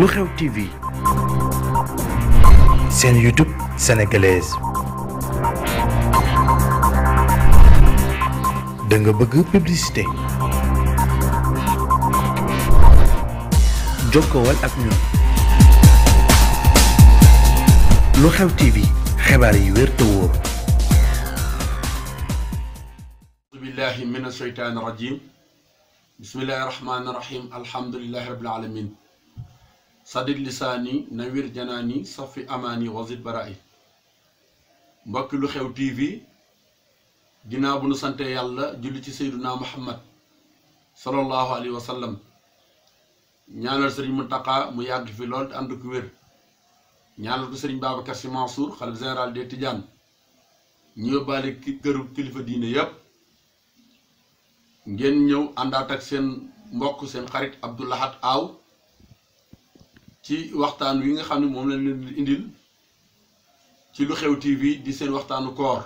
lu xew TV seen YouTube sénégalaise da nga bëgg publicité jokkowal ak ñun lu xew TV xibaar yi wér te wóor. billahi min asheytaani rajim bismillahi rahmaani rahim alhamdulillahi rabbil alamin sadik lisaani nawir janaani safi amaani wasit baraay mbokki lu xew tv ginnaaw bu nu sante yàlla julli ci seyduna muhammad sallallahu alayhi wa sallam ñaanal sëriñ Muntaqa mu yàgg fi lool te ànd ko wér ñaanal ko sëriñ Babacar Sy Mansour xalif général des Tidianes ñu yóbbaale këru kilifa diine yépp ngeen ñëw àndaat ak seen mbokk seen xarit Abdou Lahad ci waxtaan wi nga xam ne moom lañ leen indil ci lu xew TV di seen waxtaanu koor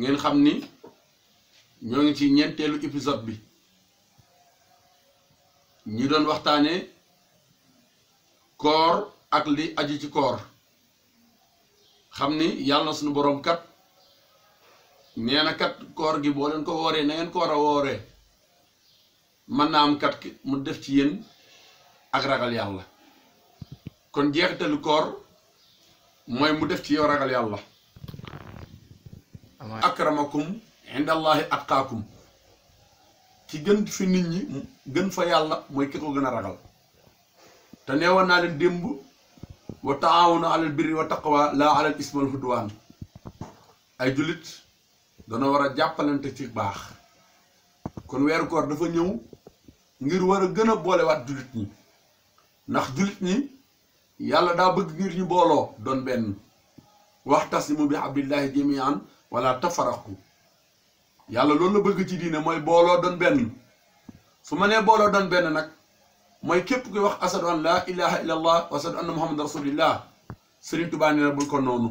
ngeen xam ni ñoo ngi ci ñeenteelu épisode bi ñu doon waxtaanee koor ak li aju ci koor xam ni yàlla na suñu boroom kat nee na koor gi boo leen ko wooree na ngeen ko war a wooree mën naa am kat mu def ci yéen ak ragal yàlla kon jeexitalu koor mooy mu def ci yow ragal yàlla akramakum indallahi atqaakum ci gën fi nit ñi gën fa yàlla mooy ki ko gën a ragal te neewoon naa leen démb wa taawunu alal birri wa taqwa laa alal ismi wal ay jullit dana war a jàppalante ci baax kon weeru koor dafa ñëw ngir war a gën a boolewaat jullit ñi ndax jullit ñi yàlla daa bëgg ngir ñu booloo doon benn wax waxtasimu bi hablillahi jamian wala tafaraqu yàlla loolu la bëgg ci diine mooy booloo doon benn su ma nee booloo doon benn nag mooy képp kuy wax asadu an laa ilaha illa allah wa asadu anna muhammadan rasulillah sëriñ tubaa nee ko noonu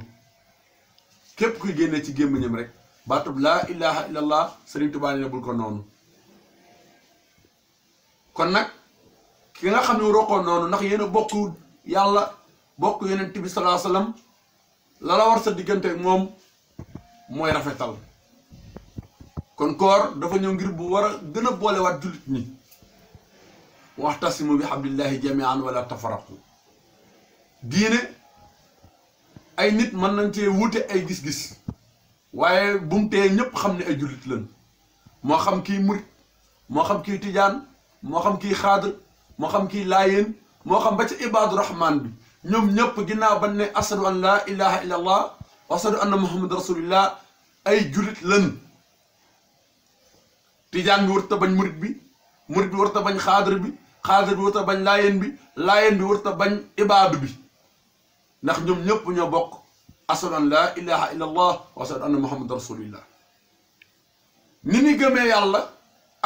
képp kuy génnee ci gémmiñam rek baatub laa illa allah sëriñ tubaa nee na ko noonu kon nag ki nga xam ne roqoon noonu ndax yéen bokk yàlla bokk yeneen bi salaa salaam la la war sa diggante moom mooy rafetal kon koor dafa ñëw ngir bu war a gën a boolewaat jullit ñi waxtasimu bi hablillahi jamian wala tafaraqu diine ay nit mën nañ cee wuute ay gis waaye bumu tee ñépp xam ni ay jullit lañ moo xam kii murit moo xam kii tijaan moo xam ki xaadir moo xam kii laayeen moo xam ba ci ibaadu rahman bi ñoom ñëpp ginnaaw ban ne asadu an laa ilaha illa allah wa asadu anna muhammad rasulillah ay julit lan tijaan bi warut bañ murit bi murit bi warut a bañ xaadir bi xaadir bi warut a bañ laayeen bi laayeen bi warut a bañ ibaadu bi ndax ñoom ñëpp ñoo bokk asadu an laa ilaha illa allah wa asadu anna muhammad rasulillah ni ni gëmee yàlla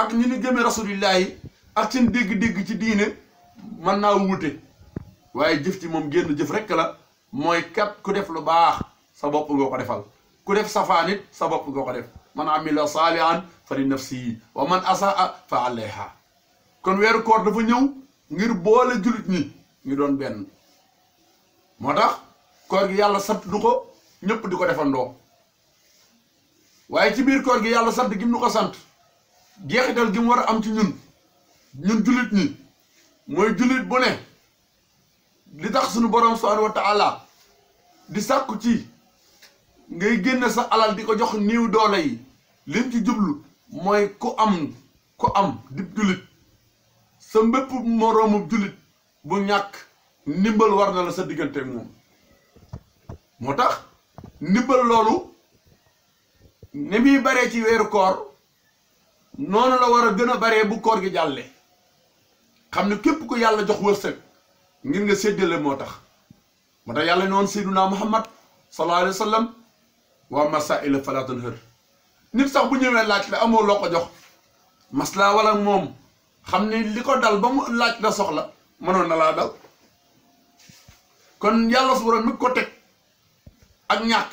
ak ni ni gëmee rasulillahi ak seen dégg-dégg ci diine mën naa wuute waaye jëf ci moom génn jëf rekk la mooy kat ku def lu baax sa bopp goo ko defal ku def safaan it sa bopp nga ko def man amila saalihan man asaa fa alayha kon dafa ñëw ngir boole jullit ñi ñu doon benn moo tax koor gi yàlla sant du ñëpp di ko defandoo waaye ci biir koor gi yàlla sant gi ko sant jeexital gi mu a am ci ñun ñun jullit ñi mooy jullit bu ne li tax suñu borom subhaanahu wa taala di sàkku ci ngay génn sa alal di ko jox niiw doole yi lim ci jublu mooy ku am ku am dib jullit sa mbépp moroomu jullit bu ñàkk ndimbal war na la sa diggante ak moom moo tax ndimbal loolu ne muy baree ci weeru koor noonu la war a gën a baree bu koor gi jàlle xam ne képp ko yàlla jox wërsëg ngir nga séddale moo tax moo tax yàlla ne woon seyduna muhammad sallallahu alayhi wa sallam waa masaila fala tanhar nit sax bu ñëwee laaj la amoo loo ko jox maslaa wala moom xam ne li ko dal ba mu laaj la soxla mënoon na laa dal kon yàlla su mi ko teg ak ñàkk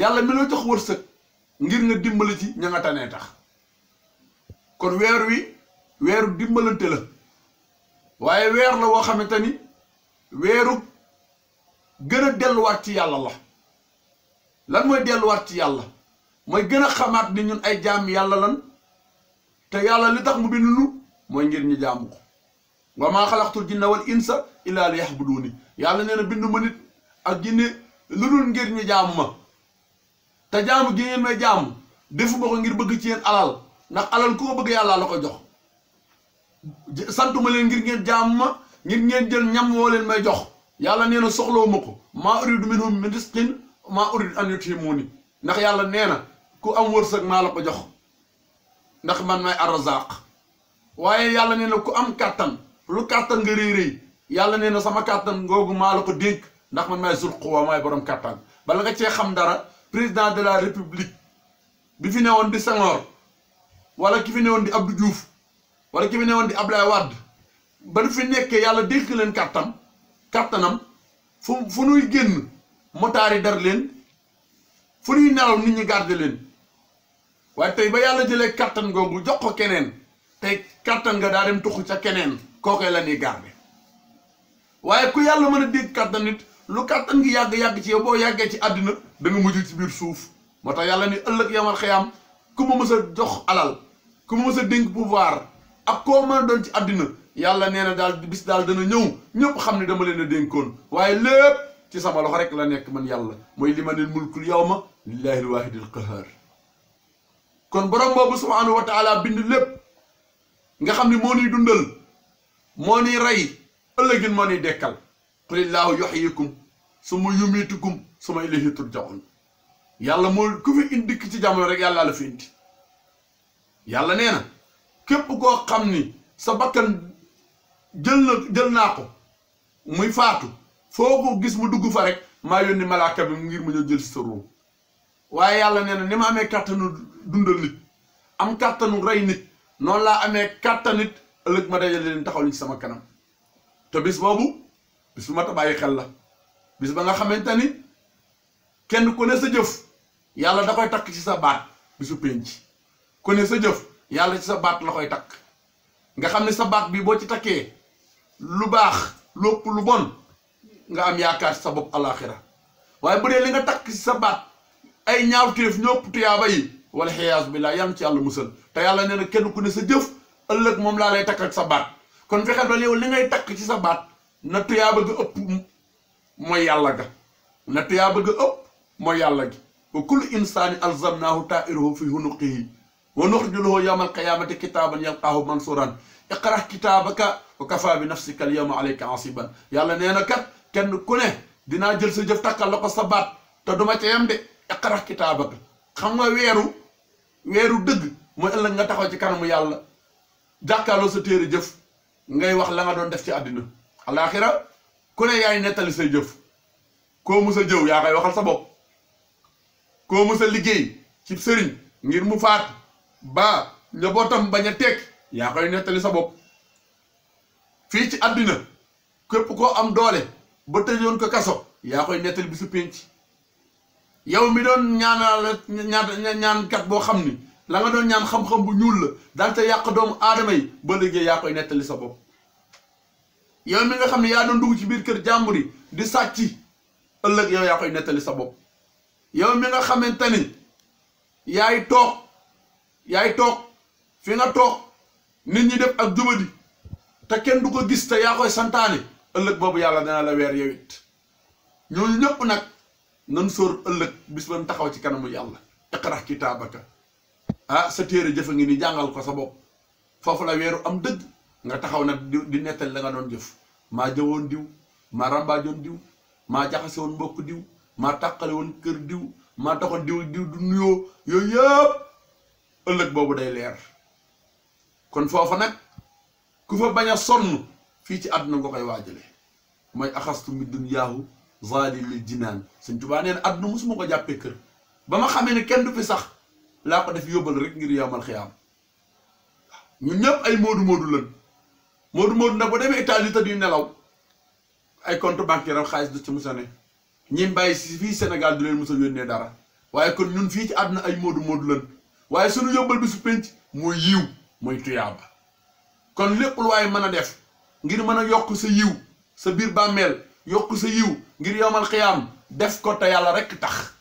yàlla mi la jox wërsëg ngir nga dimbali ci ña nga tax kon weer wi weeru dimbalante la waaye weer la woo xamante ni weeru gën a delluwaat ci yàlla la lan mooy delluwaat ci yàlla mooy gën a xamaat ni ñun ay jaam yàlla lan te yàlla li tax mu bind nu mooy ngir ñu jaamu ko wa maa xalaqtul jinna wal insa bu liya'buduuni yàlla nee na bindu ma nit ak jinne lu dul ngir ñu jaamu ma te jaamu gi ngeen may jaamu defu ma ko ngir bëgg ci yéen alal ndax alal ku ko bëgg yàlla la ko jox santuma leen ngir ngeen jaam ma ngir ngeen jël ñam woo leen may jox yàlla nee na soxlawu ko maa uridu minhum min risqin maa uridu an yutimuuni ndax yàlla nee na ku am wërsëg maa la ko jox ndax man may arrazaq waaye yàlla nee na ku am kàttan lu kàttan nga rëy rëy yàlla nee na sama kàttan ngoogu maa la ko dénk ndax man maay zulquwa maay borom kàttan bala nga cee xam dara président de la république bi fi newoon di Senghor wala ki fi newoon di wala ki fi ne woon di Ablaye Wade ba du fi nekkee yàlla dénk leen kàttan kàttanam fu fu nuy génn motaar yi dar leen fu nuy nelaw nit ñi garde leen waaye tey ba yàlla jëlee kàttan googu jox ko keneen tey kàttan nga daa dem tuxu ca keneen kookoy la ñuy garde waaye ku yàlla mën a dégg kàttan nit lu kàttan ngi yàgg-yàgg ci yow boo yàggee ci àddina da nga mujj ci biir suuf moo tax yàlla ni ëllëg yamal xëyam ku ma mës a jox alal ku ma mës dénk pouvoir ak koo mën doon ci àddina yàlla nee na daal bis daal dana ñëw ñëpp xam ne dama leen a dénkoon waaye lépp ci sama loxo rek la nekk man yàlla mooy li ma leen mulkul yawma lillahi alwahidil qahar kon borom boobu subhanahu wa taala bind lépp nga xam ni moo nuy dundal moo nuy rey ëllëgin moo nuy dekkal qulillaahu yuhyikum summa yumiitukum summa ilayhi turjaun yàlla moo ku fi indi dikk ci jamono rek yàlla la fi indi yàlla nee na képp koo xam ni sa bakkan jël na jël naa ko muy faatu foo ko gis mu dugg fa rek maa yónni malaaka bi ngir mu ñëw jël si sa ruum waaye yàlla nee na ni ma amee kàttanu dundal nit am kàttanu rey nit noonu laa amee kàttan nit ëllëg ma dajalee leen taxaw ci sama kanam te bis boobu bis bu ma bàyyi xel la bis ba nga xamante ni kenn ku ne sa jëf yàlla da koy takk ci sa baat bisu penc ku sa jëf yàlla ci sa baat la koy takk nga xam ne sa baat bii boo ci takkee lu baax lépp lu bon nga am yaakaar sa bopp alaxira waaye bu dee li nga takk ci sa baat ay ñaaw téef ñëpp tuyaaba yi wala xiyaas bi laa yam ci yàlla musal te yàlla nee na kenn ku ne sa jëf ëllëg moom laa lay takkal sa baat kon fexeel ba yow li ngay takk ci sa baat na tuyaaba ga ëpp mooy yàlla ga na tuyaaba ga ëpp mooy yàlla gi wa kullu insaani alzamnaahu taairahu fi hunuqihi wa nuxriju lahu yawma alqiyaamati kitaaban yalqaahu mansuuran iqra kitaabaka wa kafaa bi nafsika al yawma alayka asiban yàlla nee na kat kenn ku ne dinaa jël sa jëf takkal la ko sa baat te duma ca yem de iqra kitaabaka xam nga weeru weeru dëgg mooy ëllëg nga taxaw ci kanamu yàlla jàkkaarloo sa téere jëf ngay wax la nga doon def ci àddina alaaxira ku ne yaay nettali sa jëf koo mus a jëw yaa koy waxal sa bopp koo mus a liggéey ci sëriñ ngir mu faat ba njabootam bañ a teg yaa koy nettali sa bopp fii ci àddina képp koo am doole ba tëjoon ko kaso yaa koy nettali bi su pénc yow mi doon ñaanal ñaan ñaankat boo xam ni la nga doon ñaan xam-xam bu ñuul la daal te yàq doomu aadama yi ba liggéey yaa koy nettali sa bopp yow mi nga xam ne yaa doon ci biir kër jàmbur yi di sàcc ëllëg yow yaa koy nettali sa bopp yow mi nga xamante ni yaay toog yaay toog fii nga toog nit ñi def ak jubadi te kenn du ko gis te yaa koy santaane ëllëg boobu yàlla danaa la weer yow it ñépp nag nan sóor ëllëg bis ban taxaw ci kanamu yàlla iqra kitaabaka ah sa téere jëfa ngi ni jàngal ko sa bopp foofu la weeru am dëgg nga taxaw nag di nettali la nga doon jëf maa jëwoon diw maa ràmbaajoon diw maa jaxase woon mbokk diw maa tàqale woon kër diw maa taxoon diw diw du nuyoo yooyu yëpp ëllëg boobu day leer kon foofa nag ku fa bañ a sonn fii ci àdduna nga koy waajale mooy axastu mi dun yaahu zaadi li jinaan Sëñ Tuubaa nee na mosuma ko jàppee kër ba ma xamee ni kenn du fi sax laa ko def yóbbal rek ngir yowmal xiyaam ñu ñëpp ay moodu moodu lan moodu moodu nag bu demee Italie te duy nelaw ay compte bancaire am xaalis du ci musa ne ñi bàyyi si fii senegal du leen musa yónnee dara waaye kon ñun fii ci àdduna ay moodu moodu lan waaye sunu yóbbal bi su penc mooy yiw mooy tuyaaba kon lépp lu mën a def ngir mën a yokk sa yiw sa biir bàmmeel yokk sa yiw ngir yomal xiyaam def ko te yàlla rekk tax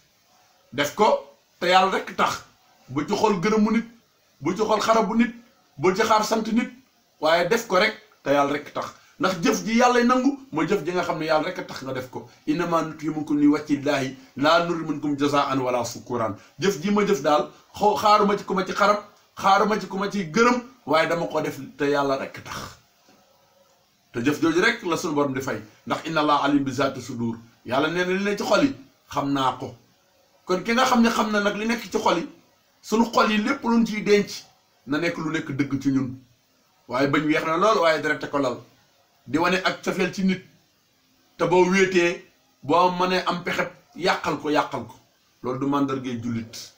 def ko te yàlla rekk tax bu ci gërëmu nit bu ci xool xarabu nit bu ci sant nit waaye def ko rek te yàlla rekk tax ndax jëf ji yàlla nangu ma jëf ji nga xam ne yàlla rek a tax nga def ko innama nutimukum li wàcci laahi laa nuridu minkum jazaan wala sukuran jëf ji ma jëf daal xaw xaaruma ci ku ma ci xarab xaaruma ci ku ma ci gërëm waaye dama ko def te yàlla rek tax te jëf jooju rek la suñu borom di fay ndax inna allah alim bi zaati sudur yàlla nee na li ne ci xol yi xam naa ko kon ki xam ne xam na nag li nekk ci xol yi suñu xol yi lépp luñ ciy denc na nekk lu nekk dëgg ci ñun waaye bañ weex na lool waaye deret ko lal di wane ak cofeel ci nit te boo wéetee boo mënee am pexeb yàqal ko yàqal ko loolu du màndargay jullit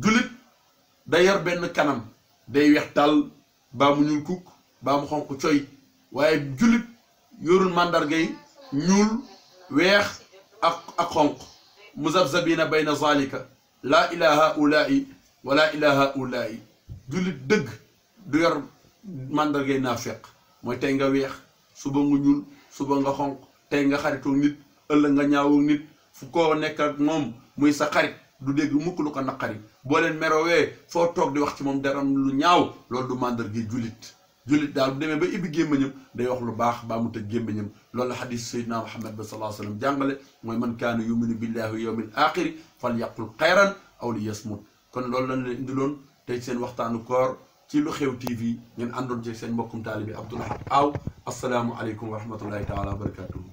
jullit day yar benn kanam day weex tàll baa mu ñuul kukk baa mu xonq coy waaye jullit yorul màndargay ñuul weex ak ak xonq muzabzabina bayna zalika laa ilaa haulaai wala ilaa haulaai jullit dëgg du yor màndargay naafeq mooy tey nga weex suba nga ñuul suba nga xonq tey nga xaritoog nit ëllëg nga ñaawoog nit fu koo nekk moom muy sa xarit du dégg mukk lu ko naqari boo leen merowee foo toog di wax ci moom daram lu ñaaw loolu du màndarga jullit jullit daal bu demee ba ibbi gémmiñam day wax lu baax baa mu tëj gémmiñam loolu la xadis sayyidina Muhammad ba sallallahu alayhi wa sallam jàngale mooy man kaana yuminu billahi wa yawmil axiri fal yaqul xayran aw li yasmut kon loolu lañ leen indiloon tey seen waxtaanu koor ci lu xew TV ngeen àndoon ci seen mbokkum taalibi Abdoulaye Aw asalaamualeykum wa rahmatullahi taala wa barakatuhu